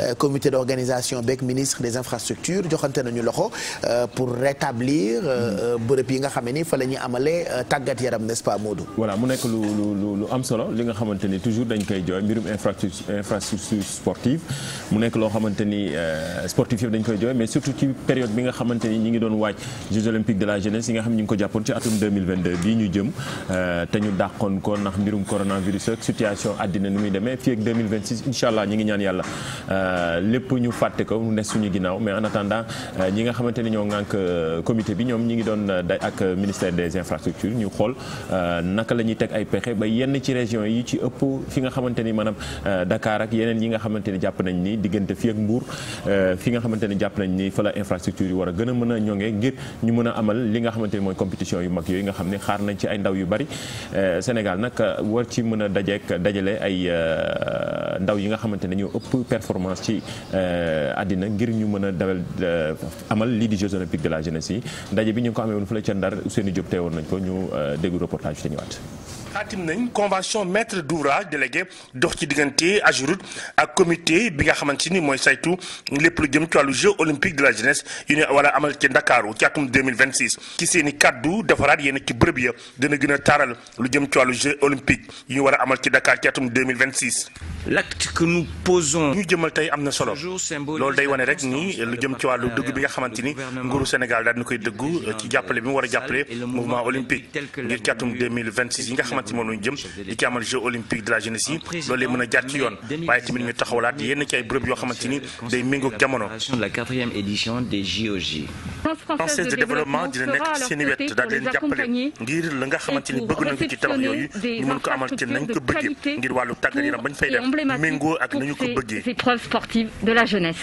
Euh, comité d'organisation beeg ministre des infrastructures joxante nañu loxo euh, pour rétablir euh, mm. bërëb yi nga xam ni fa la ñuy amalee tàggat yaram n'est-ce pas mu nekk lu lu lu am solo li nga xamante ni toujours dañ koy jooy mbirum infrastructure infrastructure mu nekk loo xamante ni sportif yëpp dañ koy jooy mais surtout ci période bi nga xamante ñi ngi doon waaj Jeux olympiques de la jeunesse yi nga xam ñu ngi ko jàppoon ci atum 2022 bii ñu jëm te ñu dàqoon ko ndax mbirum ngi ñaan yàlla. Euh, lépp ñu fàtte ko mu suñu ginnaaw mais en euh, euh, ak ministère des infrastructures ñu xool naka la teg ay pexe ba yenn ci région yi ci ëpp fi nga xamante ni maanaam ak yeneen yi nga xamante ni jàpp nañ ni diggante fii ak Mbour fi nga xamante ni jàpp nañ ni fa la infrastructure yi war a gën a mën a ñoŋee ngir ñu mën a amal li nga xamante mooy compétition yu mag yooyu nga xam ne xaar nañ ci ay ndaw yu bari Sénégal nag war ci mën a dajeek dajale passe ci euh, àddina ngir ñu mën a dawal euh, amal lii di Jeux olympiques de la jeunesse yi ndaje bi ñu ko amee woon fële ca Ndar Ousseynou Diop teewoon nañ ko ñu euh, déglu reportage bi te ñëwaat. xaatim nañ convention maître d'ouvrage délégué dox ci diggante AGEROUTE ak comité bi nga xamante ni mooy saytu lépp lu jëm ci jeu olympique de la jeunesse yu ñu war a amal ci ndakaaru ci atum 2026 ci seen i kàddu defaraat yéen ci bërëb ya dina gën a taaral lu jëm ci jeu olympique yu ñu war a amal ci Dakar ci atum 2026 l'acte que nous ñu jëmal tey am na solo loolu day wane rek ni lu jëm ci wàllu dëgg bi nga xamante nguuru Sénégal daal na koy dëggu ci jàppale bi a jàppale mouvement olympique ngir xamante si moom la ñu jëm di a jaar ci de développement dina nekk i wet daal leen jàppale ngir la nga xamante bëgg nañ ci tabax yooyu ñu mën ko amal ci ko bëggee ngir wàllu tàggat bañ fay def méngoo ak nañu ko bëggee.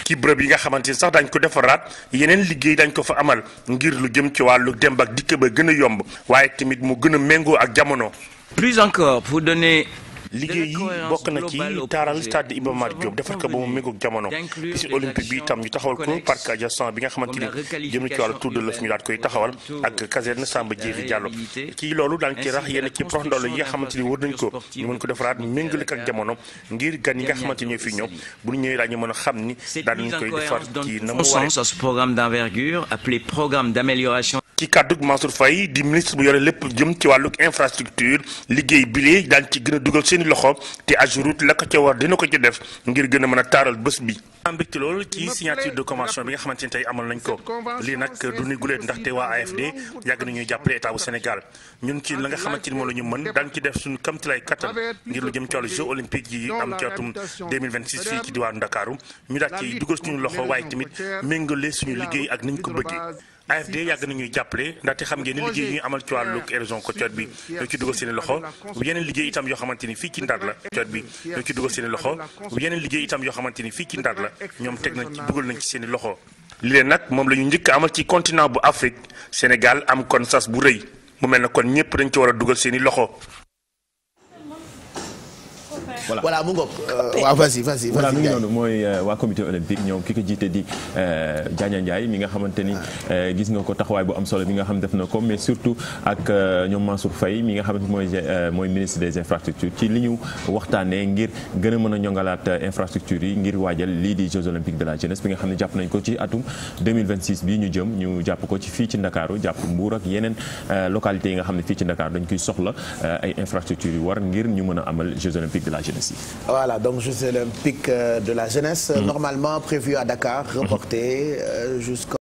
ci bërëb yi nga xamante sax dañ ko defaraat yeneen liggéey dañ ko fa amal ngir lu jëm ci wàllu demb ak dikk ba gën a yomb waaye tamit mu gën a méngoo ak jamono Plus encore, pour donner liggéey yi bokk na ci taaral stade Iba Mar defar ko ba mu méngoog jamono piscine olympique bi itam ñu taxawal ko parc adjacent bi nga xamante ni jëm na ci wàllu ñu daal koy taxawal ak caserne Samba Diéry Diallo ci loolu daan ci rax yenn ci prox ndoll yi nga xamante wër nañ ko ñu mën ko defaraat méngale ak jamono ngir gan yi nga xamante ni fi ñëw bu ñu ñëwee daañu mën a xam ni daan nañ koy defar ci na mu waree. programme ci kàddug Mansour Faye di ministre bu yore lépp jëm ci wàllug infrastructure liggéey bilee daan ci gën a dugal seen loxo te Ageroute la ko ca dina ko ci def ngir gën a mën a taaral bés bi. am mbégte loolu ci signature de convention bi nga xamante ni tey amal nañ ko lii nag du ni guleet ndaxte waa AFD yàgg nañuy jàppale état bu Sénégal ñun ci la nga xamante ni moo la ñu mën daan ci def suñu kamtilay kattan ngir lu jëm ci wàllu jeux olympiques yi am ci atum 2026 fii ci diwaanu Ndakaaru ñu daal ci dugal suñu loxo tamit méngale suñu liggéey ak niñ ko AFD yàgg nañuy jàppale ndaxte xam ngeen ne liggéey ñuy amal ci wàllu érosion côtière bi ñoo ci itam yoo xamante ni fii ci Ndar la côtière bi ñoo ci dugal seen loxo yeneen liggéey itam yoo xamante ni fii ci Ndar la ñoom teg nañ ci dugal nañ ci seen loxo li leen nag moom la ñu njëkk amal ci continent bu Afrique Sénégal am kon sas bu rëy mu mel na kon ñëpp dañ ci war a dugal seeni loxo voilà voilà mu ngoog. Euh, waaw vas-y vas-y mooy euh, waa comité olympique ñoom ki ko jiite di euh, Diania Ndiaye mi nga xamante ni ah. gis nga ko taxawaay bu am solo bi nga xam def na ko mais surtout ak ñoom Mansour Faye mi nga xamante mooy mooy ministre des infrastructures ci li ñu waxtaanee ngir gën a mën a ñongalaat infrastructures yi ngir waajal lii di Jeux olympiques de la jeunesse bi nga xam ne jàpp nañ ko ci atum 2026 bii ñu jëm ñu jàpp ko ci fii ci Ndakaaru jàpp Mbuur ak yeneen localités yi nga xam ne fii ci Ndakaaru dañ koy soxla ay infrastructures yu war ngir ñu mën a amal Jeux la voilà jeunesse yi. voilà donc juste euh, de la jeunesse. Mm. normalement prévu à Dakar. reporté euh, jusqu'à